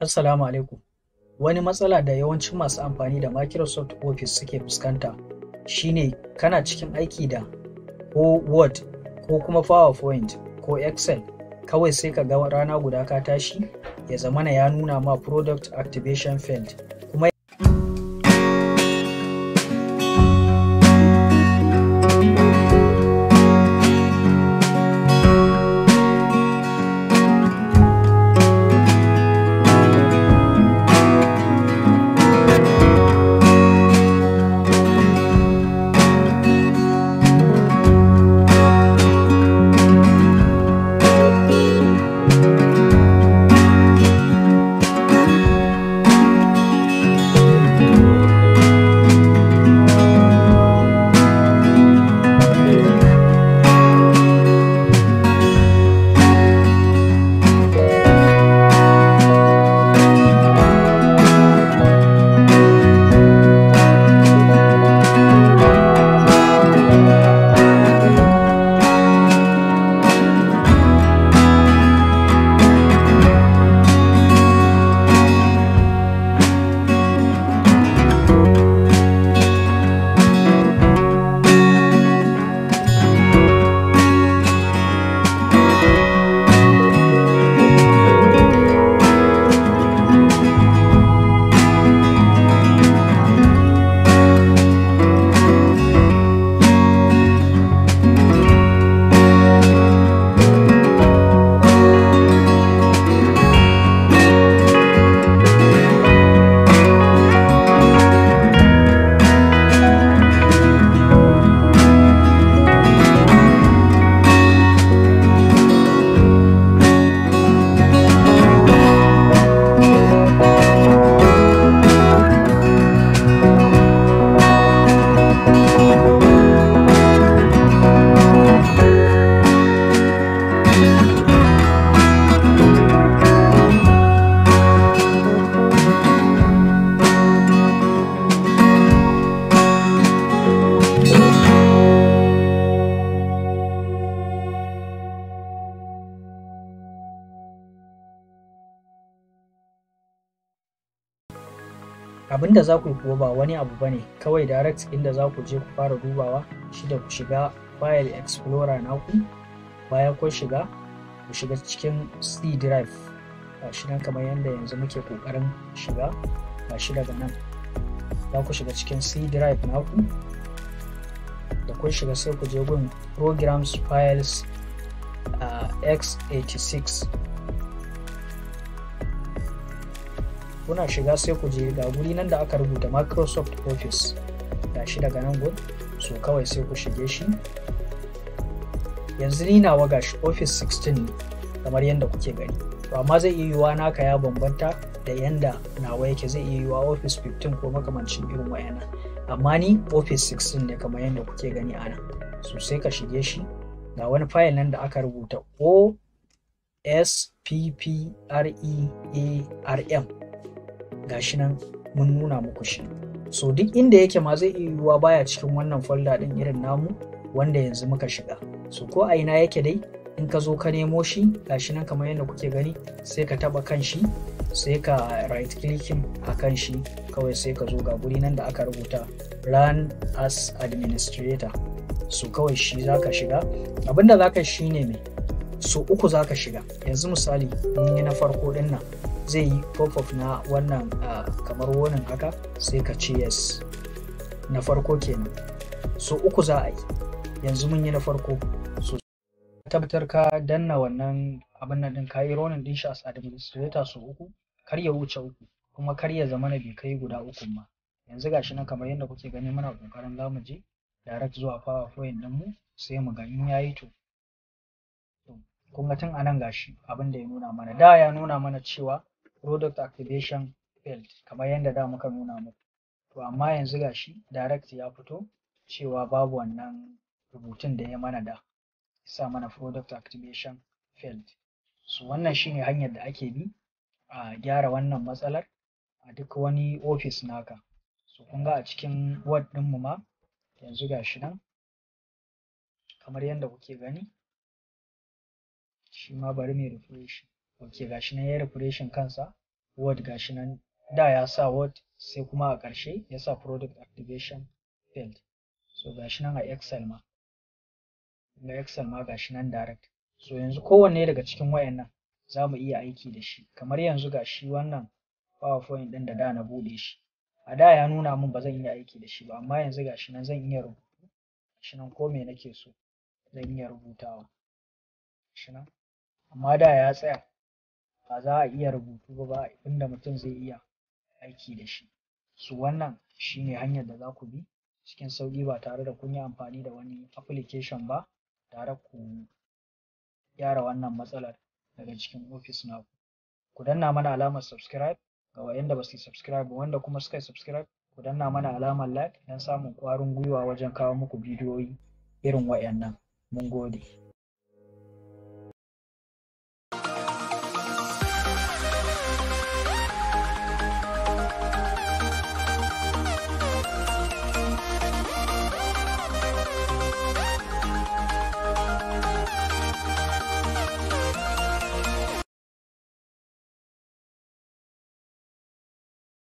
Assalamu alaikum. Wani matsala da yawancin masu amfani da Microsoft Office suke fuskanta shine kana cikin aiki da ko Word ko kuma PowerPoint ko Excel kawai sai ka ga rana guda ka tashi ya zamana ya nuna ma Product Activation Field abin da za ku yi kuwa ba wani abu ba ne kawai direct inda za ku je ku fara dubawa shi da ku shiga file explorer naku bayan ku shiga ku shiga cikin c drive shi nan kamar yadda yanzu muke kokarin shiga ga shi daga nan za ku shiga cikin c drive naku da kun shiga sai ku je gun programs files uh, ah, x86 kuna shiga sai ku je ga guri nan da aka rubuta microsoft office ga shi daga nan gud so kawai sai ku shige shi yanzu ni nawa ga shi office 16 ne kamar yadda kuke gani to amma zai iya yiwuwa naka ya bambanta da yanda nawa yake zai iya yiwuwa office 15 ko makamancin irin wayana amma ni office 16 ne kamar yadda kuke gani ana so sai ka shige shi ga wani fayil nan da aka rubuta o s p p r e a r m gashi nan mun nuna muku shi so duk inda yake ma zai iya yiwuwa baya cikin wannan folder din irin namu wanda yanzu muka shiga so ko a ina yake dai in ka zo ka nemo shi gashi nan kamar yadda kuke gani sai ka taba kan shi sai ka right clicking a kan shi kawai sai ka zo ga guri nan da aka rubuta run as administrator so kawai shi za ka shiga abinda za ka shi ne mai so uku za ka shiga yanzu misali mun yi na farko din nan zai yi pop-up na wannan ah, kamar wonin haka sai ka ce yes na farko kenan so uku za a yi yanzu mun yi na farko so tabbatar ka danna wannan abin nan din ka yi ronin din shi as administrator so uku kar ya wuce uku kuma kar ya zama na bai kai guda uku ma yanzu gashi nan kamar yadda kuke gani muna kokarin zamu je direct zuwa powerpoint din mu sai mu ga in yayi to Kuma tun anan gashi abin da ya nuna mana da ya nuna mana cewa product activation field kamar yadda da muka nuna muku to amma yanzu gashi direct ya fito cewa babu wannan rubutun da ya mana da sa mana product activation field so wannan shine hanyar da ake bi a gyara wannan matsalar a duk wani office naka so kun ga a cikin word ɗinmu ma yanzu gashi nan kamar yadda kuke gani shi ma bari mai refresh ok gashi nan ya refreshin kansa word gashi nan da ya sa word sai kuma a ƙarshe ya sa product activation field so gashi nan a excel ma ga excel ma gashi nan direct so yanzu kowanne daga cikin wayannan za mu iya aiki da shi kamar yanzu gashi shi wannan powerpoint ɗin da da na buɗe shi a da ya nuna min ba zan iya aiki da shi ba amma yanzu ga nan zan iya rubutu shi nan ko me nake so zan iya rubutawa shi nan amma da ya tsaya ba za a iya rubutu ba ba inda mutum zai iya aiki da shi Su wannan shine hanyar da za ku bi cikin sauƙi ba tare da kun yi amfani da wani application ba tare ku gyara wannan matsalar daga cikin ofis naku ku danna mana alamar subscribe ga wayanda ba su yi subscribe wanda kuma suka yi subscribe ku danna mana alamar like don samun ƙwarin gwiwa wajen kawo muku bidiyoyi irin wayannan mun gode